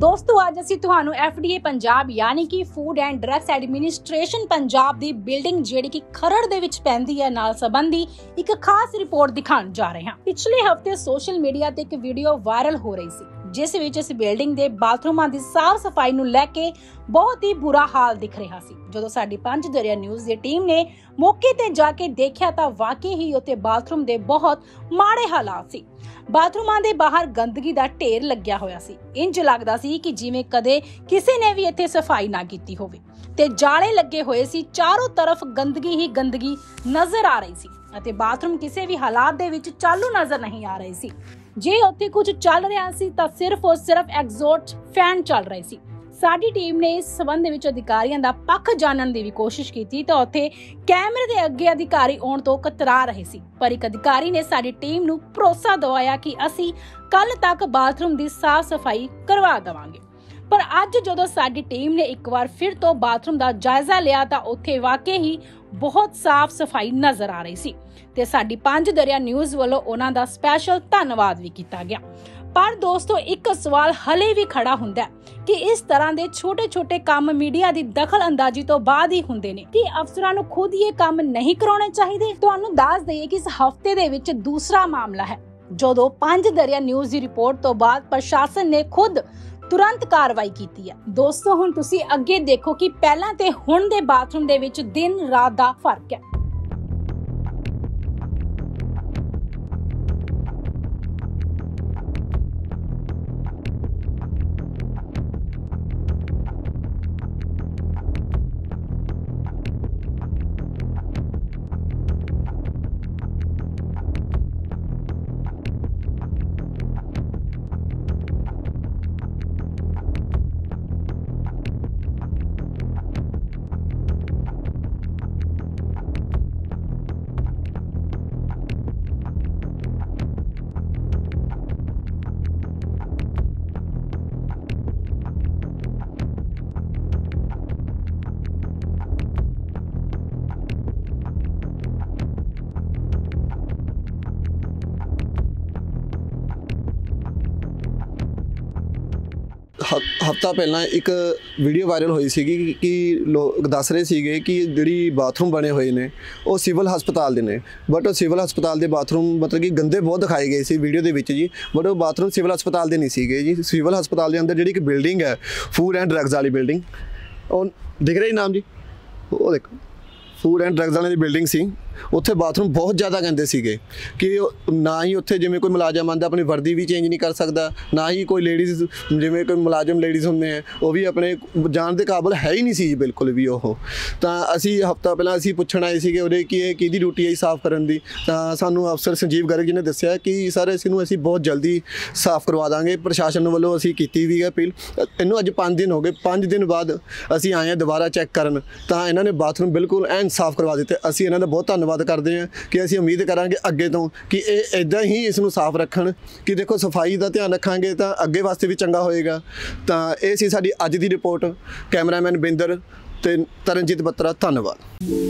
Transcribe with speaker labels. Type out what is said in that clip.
Speaker 1: ਦੋਸਤੋ ਅੱਜ ਅਸੀਂ ਤੁਹਾਨੂੰ FDA ਪੰਜਾਬ ਯਾਨੀ ਕਿ food and drugs administration Punjab ਦੀ ਬਿਲਡਿੰਗ ਜਿਹੜੀ ਕਿ ਖਰੜ ਦੇ ਵਿੱਚ ਪੈਂਦੀ ਹੈ ਨਾਲ ਸੰਬੰਧੀ ਇੱਕ ਖਾਸ ਰਿਪੋਰਟ ਦਿਖਾਉਣ ਜਾ ਰਹੇ ਹਾਂ ਪਿਛਲੇ ਹਫਤੇ ਸੋਸ਼ਲ ਮੀਡੀਆ ਤੇ ਇੱਕ ਵੀਡੀਓ ਵਾਇਰਲ ਹੋ ਰਹੀ ਸੀ ਜਿਸ ਵਿੱਚ ਇਸ ਬਿਲਡਿੰਗ ਦੇ ਬਾਥਰੂਮਾਂ ਦੀ ਸਾਫ਼ ਸਫਾਈ ਨੂੰ ਲੈ ਕੇ ਬਹੁਤ ਹੀ ਬੁਰਾ ਹਾਲ ਦਿਖ ਰਿਹਾ ਸੀ ਜਦੋਂ ਸਾਡੀ ਪੰਜ ਦਰਿਆ ਨਿਊਜ਼ ਦੀ ਟੀਮ ਨੇ ਮੌਕੇ ਤੇ ਜਾ ਕੇ ਦੇਖਿਆ ਤਾਂ ਵਾਕਈ ਹੀ ਉੱਥੇ ਬਾਥਰੂਮ ਦੇ ਬਹੁਤ ਮਾੜੇ ਹਾਲਾਤ ਸੀ ਬਾਥਰੂਮਾਂ ਦੇ ਬਾਹਰ ਗੰਦਗੀ ਦਾ ਢੇਰ ਲੱਗਿਆ ਹੋਇਆ ਸੀ ਇੰਜ ਲੱਗਦਾ ਸੀ ਕਿ ਜਿਵੇਂ ਕਦੇ ਕਿਸੇ ਨੇ ਵੀ ਇੱਥੇ ਸਫਾਈ ਨਾ ਕੀਤੀ ਹੋਵੇ ਤੇ ਜਾਲੇ ਲੱਗੇ ਹੋਏ ਸੀ ਚਾਰੋਂ ਤਰਫ ਗੰਦਗੀ ਹੀ ਗੰਦਗੀ ਨਜ਼ਰ ਆ ਰਹੀ ਸੀ ਅਤੇ ਬਾਥਰੂਮ ਕਿਸੇ ਵੀ ਹਾਲਾਤ ਦੇ ਵਿੱਚ ਚਾਲੂ ਨਜ਼ਰ ਨਹੀਂ ਆ ਰਹੀ ਸੀ ਜੇ ਉੱਥੇ ਕੁਝ ਚੱਲ ਰਿਹਾ ਸੀ ਤਾਂ ਸਿਰਫ ਉਹ ਸਿਰਫ ਐਗਜ਼ੌਸਟ ਫੈਨ ਚੱਲ ਰਹੀ ਸੀ ਸਾਡੀ ਟੀਮ ਨੇ ਇਸ ਸਬੰਧ ਵਿੱਚ ਅਧਿਕਾਰੀਆਂ ਦਾ ਪੱਖ ਜਾਣਨ ਦੀ ਵੀ ਕੋਸ਼ਿਸ਼ ਕੀਤੀ ਤਾਂ ਉੱਥੇ ਕੈਮਰੇ ਦੇ ਅੱਗੇ ਅਧਿਕਾਰੀ ਆਉਣ ਤੋਂ ਕਤਰਾ ਰਹੇ ਸੀ ਪਰ ਇੱਕ ਅਧਿਕਾਰੀ ਨੇ ਸਾਡੀ ਟੀਮ ਨੂੰ ਭਰੋਸਾ ਦਿਵਾਇਆ ਕਿ ਅਸੀਂ ਕੱਲ ਤੱਕ ਬਾਥਰੂਮ ਦੀ ਸਾਫ਼ ਸਫਾਈ ਕਰਵਾ ਦਵਾਂਗੇ ਪਰ ਅੱਜ ਜਦੋਂ ਸਾਡੀ ਟੀਮ ਨੇ ਇੱਕ ਵਾਰ ਫਿਰ ਤੋਂ ਬਾਥਰੂਮ ਦਾ ਜਾਇਜ਼ਾ ਲਿਆ ਤਾਂ ਉੱਥੇ ਵਾਕਈ ਹੀ ਬਹੁਤ ਸਾਫ਼ ਸਫਾਈ ਨਜ਼ਰ ਆ ਰਹੀ ਸੀ ਤੇ ਸਾਡੀ ਪੰਜ ਦਰਿਆ ਨਿਊਜ਼ ਵੱਲੋਂ ਉਹਨਾਂ ਦਾ ਸਪੈਸ਼ਲ ਧੰਨਵਾਦ ਵੀ ਕੀਤਾ ਗਿਆ ਪਰ ਦੋਸਤੋ ਇੱਕ ਸਵਾਲ ਹਲੇ ਵੀ ਖੜਾ ਹੁੰਦਾ ਕਿ ਇਸ ਤਰ੍ਹਾਂ ਦੇ ਛੋਟੇ-ਛੋਟੇ ਕੰਮ ਮੀਡੀਆ ਦੀ ਦਖਲ ਅੰਦਾਜ਼ੀ ਤੋਂ ਬਾਅਦ ਹੀ ਹੁੰਦੇ ਨੇ ਕਿ ਅਫਸਰਾਂ ਨੂੰ ਖੁਦ ਇਹ ਕੰਮ ਨਹੀਂ ਕਰਾਉਣੇ ਚਾਹੀਦੇ ਤੁਹਾਨੂੰ ਦੱਸ ਦਈਏ ਕਿ ਇਸ ਹਫਤੇ ਦੇ ਵਿੱਚ ਦੂਸਰਾ ਮਾਮਲਾ ਹੈ ਜਦੋਂ ਪੰਜ ਦਰਿਆ ਨਿਊਜ਼ ਦੀ ਰਿਪੋਰਟ ਤੋਂ ਬਾਅਦ ਪ੍ਰਸ਼ਾਸਨ ਨੇ ਖੁਦ ਤੁਰੰਤ ਕਾਰਵਾਈ ਕੀਤੀ ਹੈ ਦੋਸਤੋ ਹੁਣ ਤੁਸੀਂ ਅੱਗੇ ਦੇਖੋ ਕਿ ਪਹਿਲਾਂ ਤੇ ਹੁਣ ਦੇ ਬਾਥਰੂਮ ਦੇ ਵਿੱਚ ਦਿਨ ਰਾਤ ਦਾ ਫਰਕ ਹੈ
Speaker 2: ਹਫਤਾ ਪਹਿਲਾਂ ਇੱਕ ਵੀਡੀਓ ਵਾਇਰਲ ਹੋਈ ਸੀਗੀ ਕਿ ਲੋਕ ਦੱਸ ਰਹੇ ਸੀਗੇ ਕਿ ਜਿਹੜੀ ਬਾਥਰੂਮ ਬਣੇ ਹੋਏ ਨੇ ਉਹ ਸਿਵਲ ਹਸਪਤਾਲ ਦੇ ਨੇ ਬਟ ਉਹ ਸਿਵਲ ਹਸਪਤਾਲ ਦੇ ਬਾਥਰੂਮ ਮਤਲਬ ਕਿ ਗੰਦੇ ਬਹੁਤ ਦਿਖਾਏ ਗਏ ਸੀ ਵੀਡੀਓ ਦੇ ਵਿੱਚ ਜੀ ਬਟ ਉਹ ਬਾਥਰੂਮ ਸਿਵਲ ਹਸਪਤਾਲ ਦੇ ਨਹੀਂ ਸੀਗੇ ਜੀ ਸਿਵਲ ਹਸਪਤਾਲ ਦੇ ਅੰਦਰ ਜਿਹੜੀ ਇੱਕ ਬਿਲਡਿੰਗ ਹੈ ਫੂਡ ਐਂਡ ਡਰੱਗਸ ਵਾਲੀ ਬਿਲਡਿੰਗ ਉਹ ਦਿਖ ਰਹੀ ਨਾਮ ਜੀ ਉਹ ਦੇਖੋ ਫੂਡ ਐਂਡ ਡਰੱਗਸ ਵਾਲੀ ਬਿਲਡਿੰਗ ਸੀ ਉੱਥੇ ਬਾਥਰੂਮ ਬਹੁਤ ਜ਼ਿਆਦਾ ਗੰਦੇ ਸੀਗੇ ਕਿ ਨਾ ਹੀ ਉੱਥੇ ਜਿਵੇਂ ਕੋਈ ਮੁਲਾਜ਼ਮ ਆਂਦਾ ਆਪਣੀ ਵਰਦੀ ਵੀ ਚੇਂਜ ਨਹੀਂ ਕਰ ਸਕਦਾ ਨਾ ਹੀ ਕੋਈ ਲੇਡੀਜ਼ ਜਿਵੇਂ ਕੋਈ ਮੁਲਾਜ਼ਮ ਲੇਡੀਜ਼ ਹੁੰਦੇ ਆ ਉਹ ਵੀ ਆਪਣੇ ਜਾਣ ਦੇ ਕਾਬਲ ਹੈ ਹੀ ਨਹੀਂ ਸੀ ਬਿਲਕੁਲ ਵੀ ਉਹ ਤਾਂ ਅਸੀਂ ਹਫਤਾ ਪਹਿਲਾਂ ਅਸੀਂ ਪੁੱਛਣ ਆਏ ਸੀਗੇ ਉਹਦੇ ਕਿ ਇਹ ਕਿਹਦੀ ਡਿਊਟੀ ਹੈ ਸਾਫ਼ ਕਰਨ ਦੀ ਤਾਂ ਸਾਨੂੰ ਅਫਸਰ ਸੰਜੀਵ ਗਰਗ ਜੀ ਨੇ ਦੱਸਿਆ ਕਿ ਸਰ ਇਸ ਨੂੰ ਅਸੀਂ ਬਹੁਤ ਜਲਦੀ ਸਾਫ਼ ਕਰਵਾ ਦਾਂਗੇ ਪ੍ਰਸ਼ਾਸਨ ਵੱਲੋਂ ਅਸੀਂ ਕੀਤੀ ਵੀ ਹੈ ਅਪੀਲ ਇਹਨੂੰ ਅੱਜ 5 ਦਿਨ ਹੋ ਗਏ 5 ਦਿਨ ਬਾਅਦ ਅਸੀਂ ਆਏ ਆ ਦੁਬਾਰਾ ਚੈੱਕ ਕਰਨ ਤਾਂ ਇਹਨਾਂ ਨੇ ਬਾਥਰੂਮ ਬਿਲਕੁਲ ਐਨ ਸਾਫ਼ ਕਰਵਾ ਦਿੱਤੇ ਅਸੀਂ ਇਹਨਾਂ ਦਾ ਬਹੁਤ ਧੰਨਵਾਦ ਧੰਨਵਾਦ ਕਰਦੇ ਆ ਕਿ ਅਸੀਂ ਉਮੀਦ ਕਰਾਂਗੇ ਅੱਗੇ ਤੋਂ ਕਿ ਇਹ ਇਦਾਂ ਹੀ ਇਸ ਨੂੰ ਸਾਫ਼ ਰੱਖਣ ਕਿ ਦੇਖੋ ਸਫਾਈ ਦਾ ਧਿਆਨ ਰੱਖਾਂਗੇ ਤਾਂ ਅੱਗੇ ਵਾਸਤੇ ਵੀ ਚੰਗਾ ਹੋਏਗਾ ਤਾਂ ਇਹ ਸੀ ਸਾਡੀ ਅੱਜ ਦੀ ਰਿਪੋਰਟ ਕੈਮਰਾਮੈਨ ਬਿੰਦਰ ਤੇ ਤਰਨਜੀਤ ਬੱਤਰਾ ਧੰਨਵਾਦ